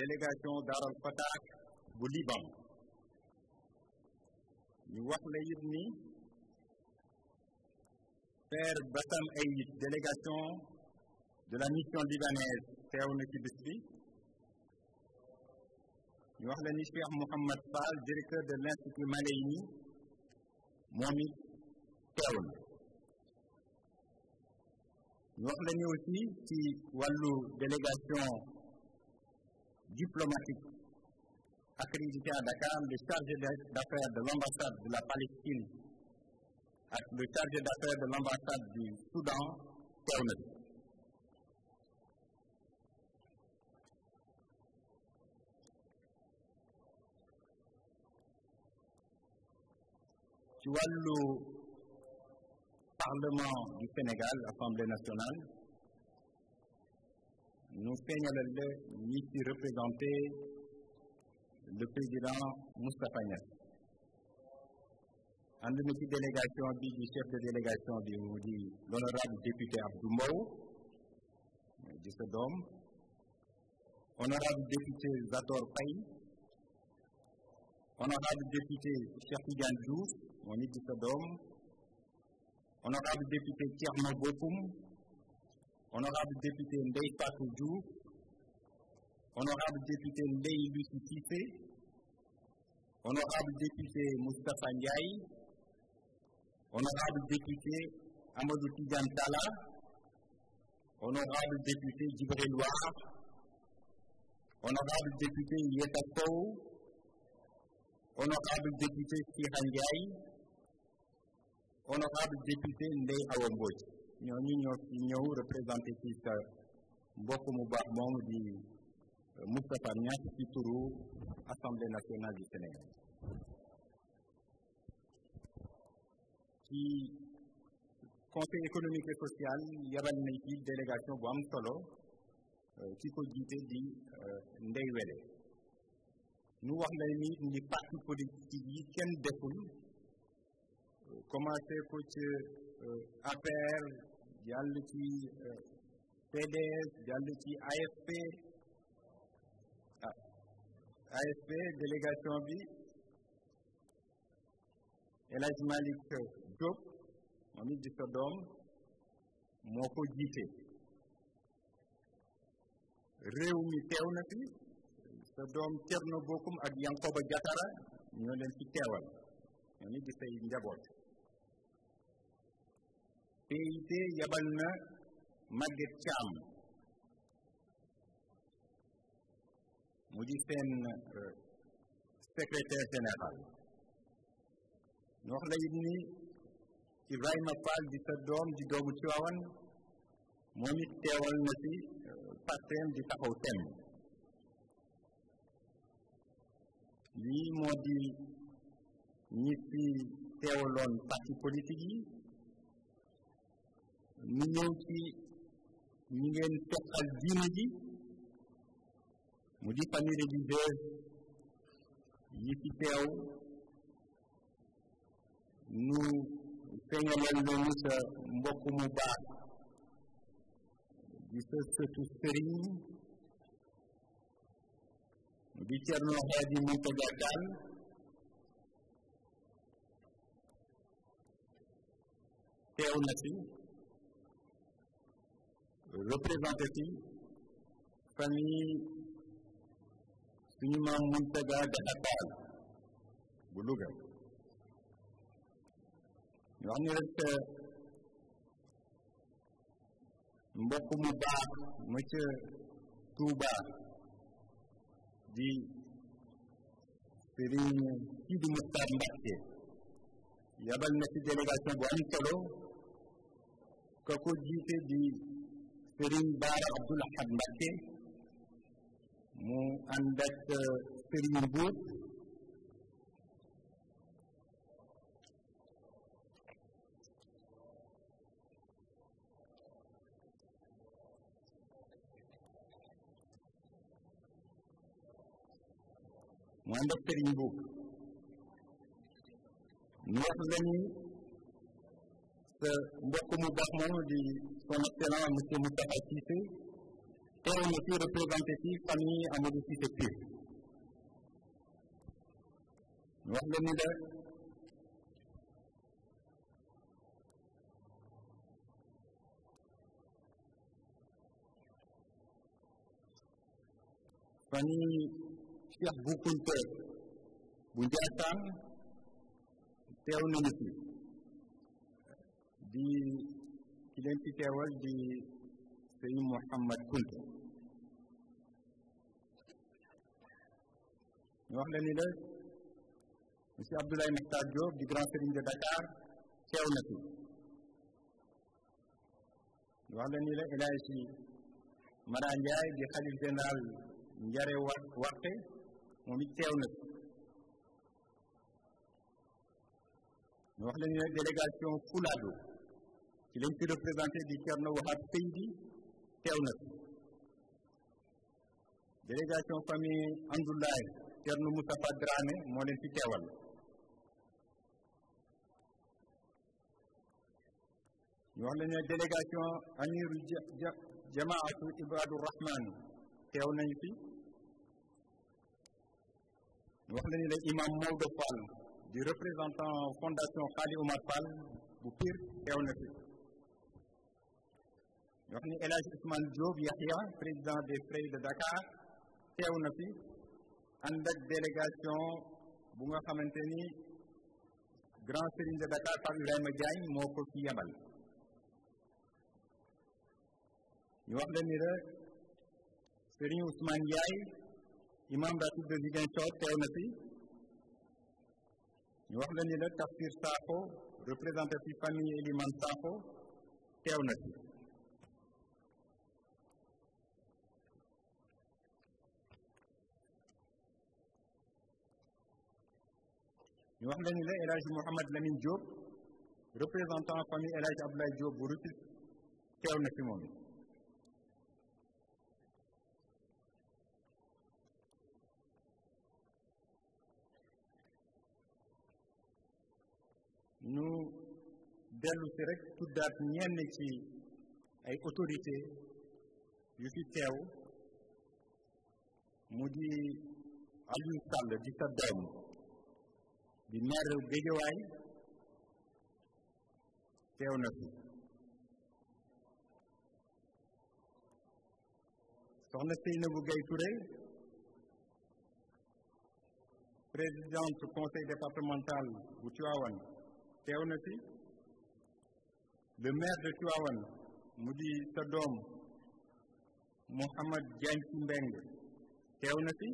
délégation Daaral Fatah bu Liban ñu wax la it ni père Bassam Ayit délégation de la mission libanaise teew na ci bis bi ñu wax la ni Cheikh Mouhamad Fall directeur de l'institut Malayni moom it teew na ñu wax la ni aussi ci wàllu délégation diplomatique accrédité à Dakar de l'ambassade de la Palestine le chargé d'affaires de l'ambassade du Soudan teew na bi parlement du Sénégal assemblée nationale ñu feeñalal la ñi ci le président Moustapha Niass ànd na ci délégation bi du chef de délégation bi mu l'honorable député Abdou di sa honorable député Zator Faye honorable député Cheikh Tidiane di sa honorable député Thierno honorable député Ndeye honorable député Ndeye Lucie Cissé honorable député Moustapha Ndiaye honorable député Amadou Tidiane Talla honorable député Djibril honorable député Yeta honorable député Sira Ndiaye honorable député Ndeye Awa Mbodj ñooñu ñoo ñëw représenté ci sa mbokk mu baax di Moustapha Niass ci turu assemblée nationale du Sénégal ci conseil économique et social yabal nañ ci délégation bu am solo euh, ki ko jiite di euh, Ndeye Wele ñu wax la ni ni parti politique yi kenn deful euh, commencé ko ci APR jàll ci PDS jàll ci AFP AFP délégation bi El Hadj Malick Diop moom it di sa doom moo ko jiite réew mi teew na fi sa doom Thierno Bocoum ak Yankoba Diatara ñoo leen fi teewal ñoom it di say njaboot PIT yabal na Maguette Thiam mu di seen euh, secrétaire général ñoo xam ne ni Ibrahima Fall di sa doom di doomu Tiwaawan moom it teewal na ci euh, parteem di taxaw tem lii moo di ñi fi teewaloon parti politique yi ñu ñëw ci ñi ngeen teqal diine ji mu di famille religieuse yi fi teew nu feeñalal loolu sa mbokk mu baax di sa sëtu sëriñ mu di Cerno Xaaji Muntaga Kan teew na fi représenté fi suñu maam Muntaga Jaxate bu Louga ñu wax ni rek mbokk mu baax ma ca Tuuba di Sëriñ Sidi Muxtaar Mbàkke yabal na ci délégation bu am ka ko jiite di Sëriñ Baara Abdul Ahad Mbàkke Euh, mu ànd ak Serigne mu ànd ak Serigne Mbour wax lañu sa mbokk mu baax moomu di son excellence monsieur Moustapha Cissé et on ne peut représentative famille Amadou Cissé Pur ni la famille Cheikh Bou Kounta bu Njaasaan teew nañu fi di ci leen ci di sëñ Mouhamad Kounta ñu wax la ni la monsieur Abdoulaye Mactar Diop di grand serigne de Dakar teew na fi ñu wax la ni la El Hadji di xalif général Njare wa Warte moom it teew na fi ñu wax la ni la délégation Fuladu ci lañ fi représenté di Thierno Wahab Seydi teew na fi délégation famille Andoulaye Thierno Moustapha Dramé moo leen fi teewal ñu wax la ne délégation amiru jamaatu ibadu rahman teew nañ fi ñu wax la ne la imam Maodo di représentant fondation Khali Omar Fall bu Pire teew na fi ñu wax ne El Hadj Ousmane président des Frères de Dakar teew na fi ànd ak délégation bu nga xamante ni grand serigne de Dakar Pape Ibrahima Diagne moo ko fi yebal ñu wax leen ni rek serigne Ousmane Ndiaye imam ratib de Ziguinchor teew na fi ñu wax leen ni rek Tafsir Sakho représentatif famille Elimane Sakho teew na fi ñu wax la ni la El Hadj Mouhamad Lamine Diop famille El Hadj Abdoulaye bu Rufisque teew na fi moom it ñu dellu si rek tuddaat ñenn ay autorité yu fi teew mu di Aliou Sall di sa di maire Géejawaay teew na fi soxna Seynabou Gaye Touré présidente conseil départemental bu Tivaouane teew na fi le maire de Tivaouane mu di sa doom Mouhamad Diagne Sy Mbengue teew na fi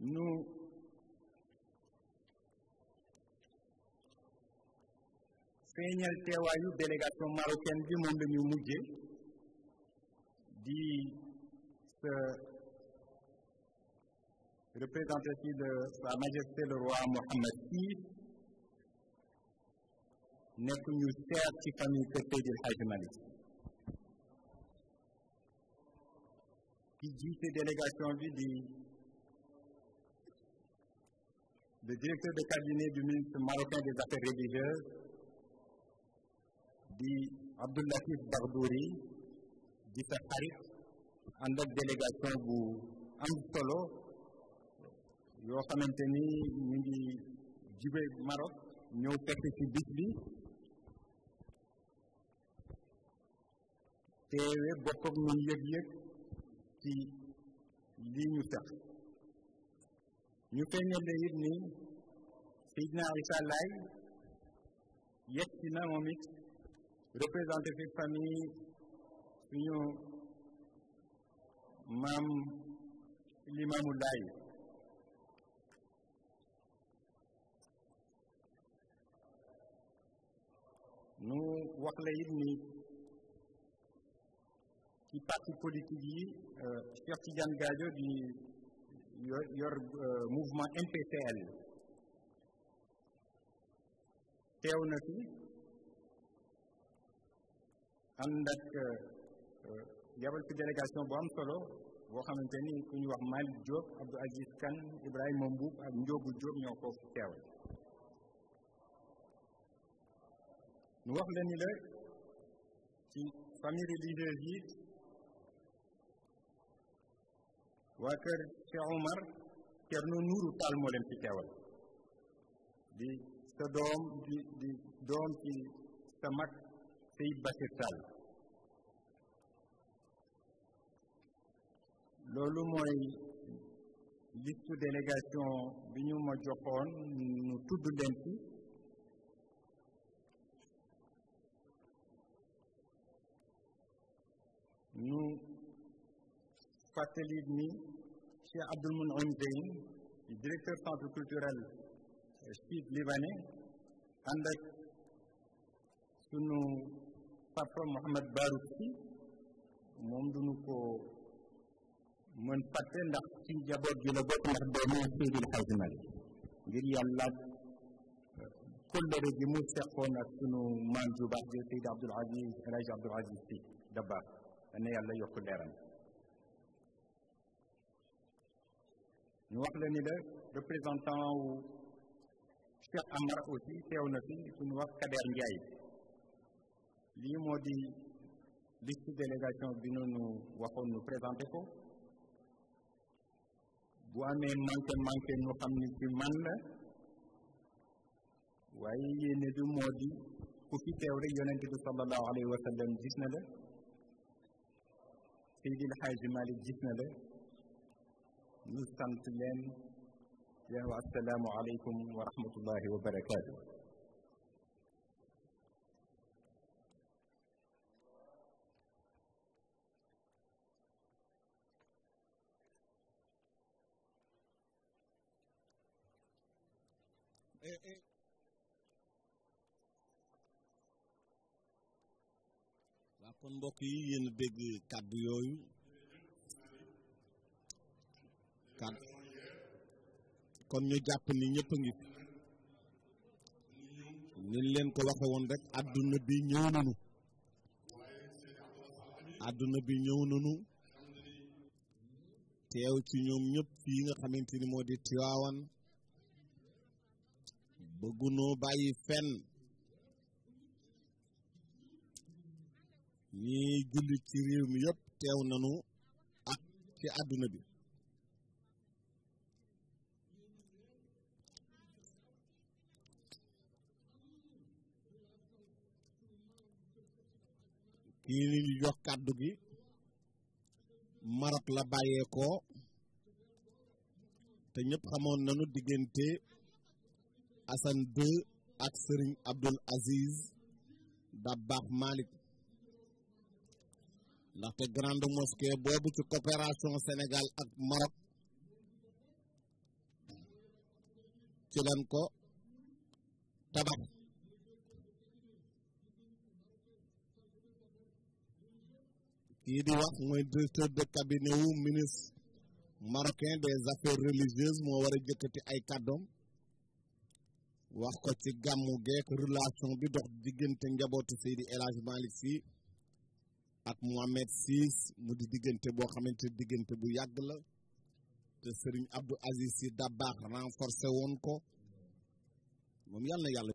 nous feeñal teewaayu délégation marocaine bi moom lañu mujje di se représenter de sa majesté le roi Mohammed VI nekk seer ci famille kër Seydil Hadji Malick ki jiite délégation bi di le directeur de cabinet du ministre marocain des affaires religieuses di Abdou Latif di sa xarit ànd ak bu am solo yoo xamante ni ñu ngi jube Maroc ñëw fekk ci bis bi teewe bokk ak ñun yëg-yëg ci lii ñu ñu feeñal ne it ni Seydina Isa Laay yegg si na moom it représenté fi famille suñu maam Limaamu Laay nu wax la it ni ci parti politique yi euh, Cheikh Tidiane Gadio di yor yor euh, mouvement MPCL teew na fi ànd ak euh, euh, yabal fi délégation bu am solo boo xamante ni ku wax Malick Diop Abdou Aziz Kane Ibrahima Mbuub ak Ndiogu ñoo ko teew ñu wax la ni la ci famille waa kër Cheikh Omar Thierno Nourou Tall moo leen fi di sa doom di doom ci sa mag Seyd Bachir loolu mooy liste délégation bi ñu ma joxoon nu tudd leen ci ñu fàttali ni Cheikh Abdoul Moumoun Zeyn di directeur centre culturel chiite euh, libanais ànd ak sunu papa Mouhamed Barouk Sy moom duñu ko mën fàtte ndax ci jaboot gi la bokk ngir yàlla kóllëre gi mu seqoon ak sunu maam ju baax ji Seydi Aziz El Hadji Aziz Sy Dabakh ñu wax la ni la représentant wu Cheikh Amar aussi teew na fi suñu wax Kader Ndiaye lii moo di liste délégation bi noonu waxoon ñu présenté ko bu amee manqué manqué ñu xam ni ci man la waaye yéene bi moo di ku fi teew rek yonente bi sallallahu alayhi wa sallam gis na la Seydil Hadji Malick gis na la ñu sant leen wa asalaamu aleykum wa rahmatullahi wa barakaatu waa kon mbokk yi yéen dégg kàddu yooyu quatre kon ñu jàpp ni ñëpp a ngi leen ko waxe woon rek àdduna bi ñëw nañu àdduna bi ñëw nañu tew ci ñoom ñëpp fii nga xamante ni moo di Tiwaawan bëggunoo bàyyi fenn ñi jullit ci réew mi yëpp teew nañu ak ci àdduna bi kii li ñu jox kàddu gi Maroc la bàyyeekoo te ñëpp xamoon nañu diggante Hassan II ak Serigne Abdul Aziz Dabakh Malick ndaxte grande mosquée boobu ci coopération senegal ak Maroc ci ko tabax kii di wax mooy directeur de cabinet wu ministre marocain des affaires religieuses moo war a jëkkati ay kàddoom wax ko ci gàmmu geek relation bi dox diggante njabootu Seydi El Hadj Malick Sy ak Mohamed Sy mu di diggante boo xamante diggante bu yàgg la te Serigne Abdou Aziz Sy Dabakh renforcé woon ko moom yàlla na yàlla